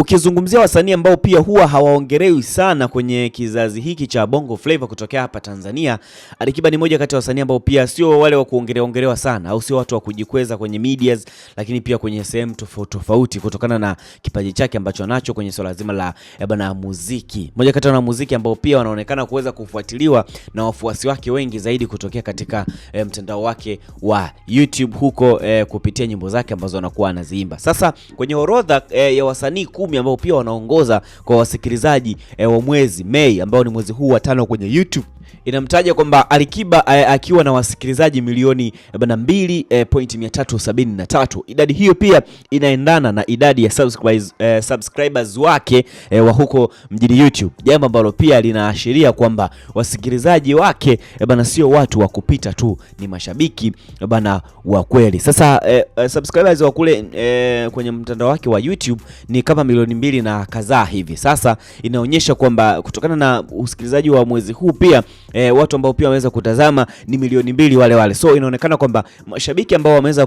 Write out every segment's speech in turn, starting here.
Ukizungumzia wasanii ambao pia huwa hawaongerewi sana kwenye kizazi hiki cha Bongo Flava kutokea hapa Tanzania, Alikiba ni moja kati ya wasanii ambao pia sio wale wa kuongerewa ongelewa sana, au sio watu wa kujikweza kwenye medias, lakini pia kwenye sehemu tofauti tofauti, kutokana na kipaji chake ambacho anacho kwenye swala zima la eh, bana muziki. Moja kati ya wanamuziki ambao pia wanaonekana kuweza kufuatiliwa na wafuasi wake wengi zaidi kutokea katika e, mtandao wake wa YouTube huko e, kupitia nyimbo zake ambazo anakuwa anaziimba. Sasa kwenye orodha e, ya wasanii kumi ambao pia wanaongoza kwa wasikilizaji e, wa mwezi Mei ambao ni mwezi huu wa tano kwenye YouTube inamtaja kwamba Alikiba eh, akiwa na wasikilizaji milioni 2.373. Eh, eh, idadi hiyo pia inaendana na idadi ya subscribers, eh, subscribers wake eh, wa huko mjini YouTube, jambo ambalo pia linaashiria kwamba wasikilizaji wake bana sio watu wa kupita tu, ni mashabiki bana wa kweli. Sasa eh, subscribers wa kule eh, kwenye mtandao wake wa YouTube ni kama milioni mbili na kadhaa hivi. Sasa inaonyesha kwamba kutokana na usikilizaji wa mwezi huu pia e, watu ambao pia wameweza kutazama ni milioni mbili wale wale. So inaonekana kwamba mashabiki ambao wameweza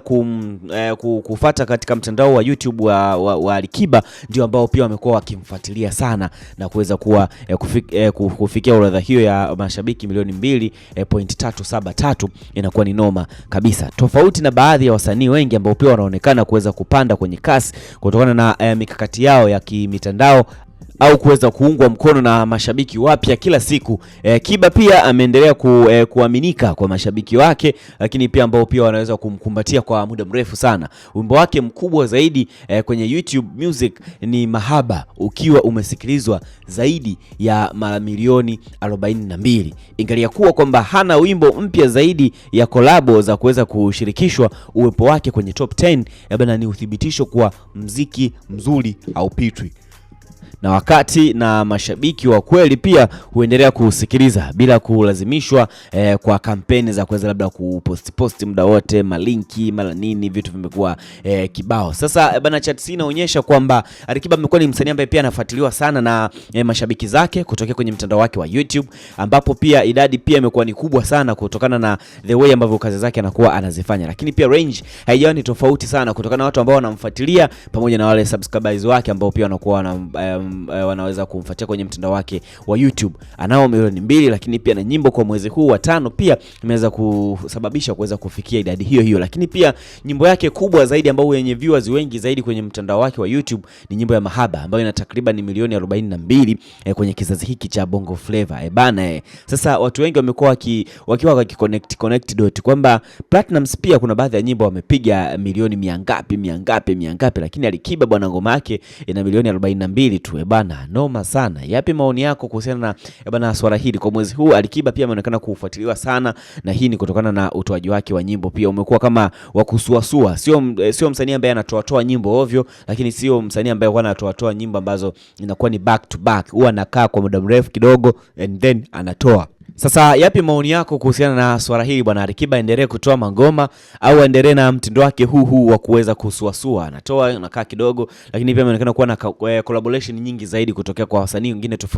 e, kufata katika mtandao wa YouTube wa, wa, wa Alikiba ndio ambao pia wamekuwa wakimfuatilia sana na kuweza kuwa e, kufik, e, kufikia orodha hiyo ya mashabiki milioni mbili e, point tatu saba tatu inakuwa ni noma kabisa, tofauti na baadhi ya wasanii wengi ambao pia wanaonekana kuweza kupanda kwenye kasi kutokana na e, mikakati yao ya kimitandao au kuweza kuungwa mkono na mashabiki wapya kila siku. E, Kiba pia ameendelea ku, e, kuaminika kwa mashabiki wake, lakini pia ambao pia wanaweza kumkumbatia kwa muda mrefu sana. Wimbo wake mkubwa zaidi e, kwenye YouTube Music ni Mahaba, ukiwa umesikilizwa zaidi ya mara milioni 42, ingalia kuwa kwamba hana wimbo mpya zaidi ya kolabo za kuweza kushirikishwa. Uwepo wake kwenye top 10 labda ni uthibitisho kwa mziki mzuri au pitwi na wakati na mashabiki wa kweli pia huendelea kusikiliza bila kulazimishwa eh, kwa kampeni za kuweza labda kupostposti muda wote malinki mara nini, vitu vimekuwa eh, kibao. Sasa eh, bana, Chat C inaonyesha kwamba Alikiba amekuwa ni msanii ambaye pia anafuatiliwa sana na eh, mashabiki zake kutokea kwenye mtandao wake wa YouTube, ambapo pia idadi pia imekuwa ni kubwa sana kutokana na the way ambavyo kazi zake anakuwa anazifanya, lakini pia range haijawa ni tofauti sana kutokana na watu ambao wanamfuatilia pamoja na wale subscribers wake ambao pia wanakuwa wana um, uh, wanaweza kumfuatia kwenye mtandao wake wa YouTube. Anao milioni mbili, lakini pia na nyimbo kwa mwezi huu wa tano pia imeweza kusababisha kuweza kufikia idadi hiyo hiyo, lakini pia nyimbo yake kubwa zaidi ambayo yenye viewers wengi zaidi kwenye mtandao wake wa YouTube ni nyimbo ya Mahaba ambayo ina takriban milioni 42 eh, kwenye kizazi hiki cha Bongo Flava eh, bana eh. Sasa watu wengi wamekuwa waki, wakiwa waki connect connect dot kwamba Platinums pia kuna baadhi ya nyimbo wamepiga milioni miangapi miangapi miangapi, lakini Alikiba bwana ngoma yake ina milioni 42 mbili tu. E bana, noma sana. Yapi maoni yako kuhusiana na e bana swala hili? Kwa mwezi huu Alikiba pia ameonekana kufuatiliwa sana, na hii ni kutokana na utoaji wake wa nyimbo. Pia umekuwa kama wa kusuasua, sio eh, sio msanii ambaye anatoatoa nyimbo ovyo, lakini sio msanii ambaye anatoatoa nyimbo ambazo inakuwa ni back to back, huwa anakaa kwa muda mrefu kidogo and then anatoa sasa yapi maoni yako kuhusiana na swala hili bwana? Alikiba endelee kutoa mangoma au endelee na mtindo wake huu huu wa kuweza kusuasua? Anatoa nakaa kidogo, lakini pia ameonekana kuwa na eh, collaboration nyingi zaidi kutokea kwa wasanii wengine tofauti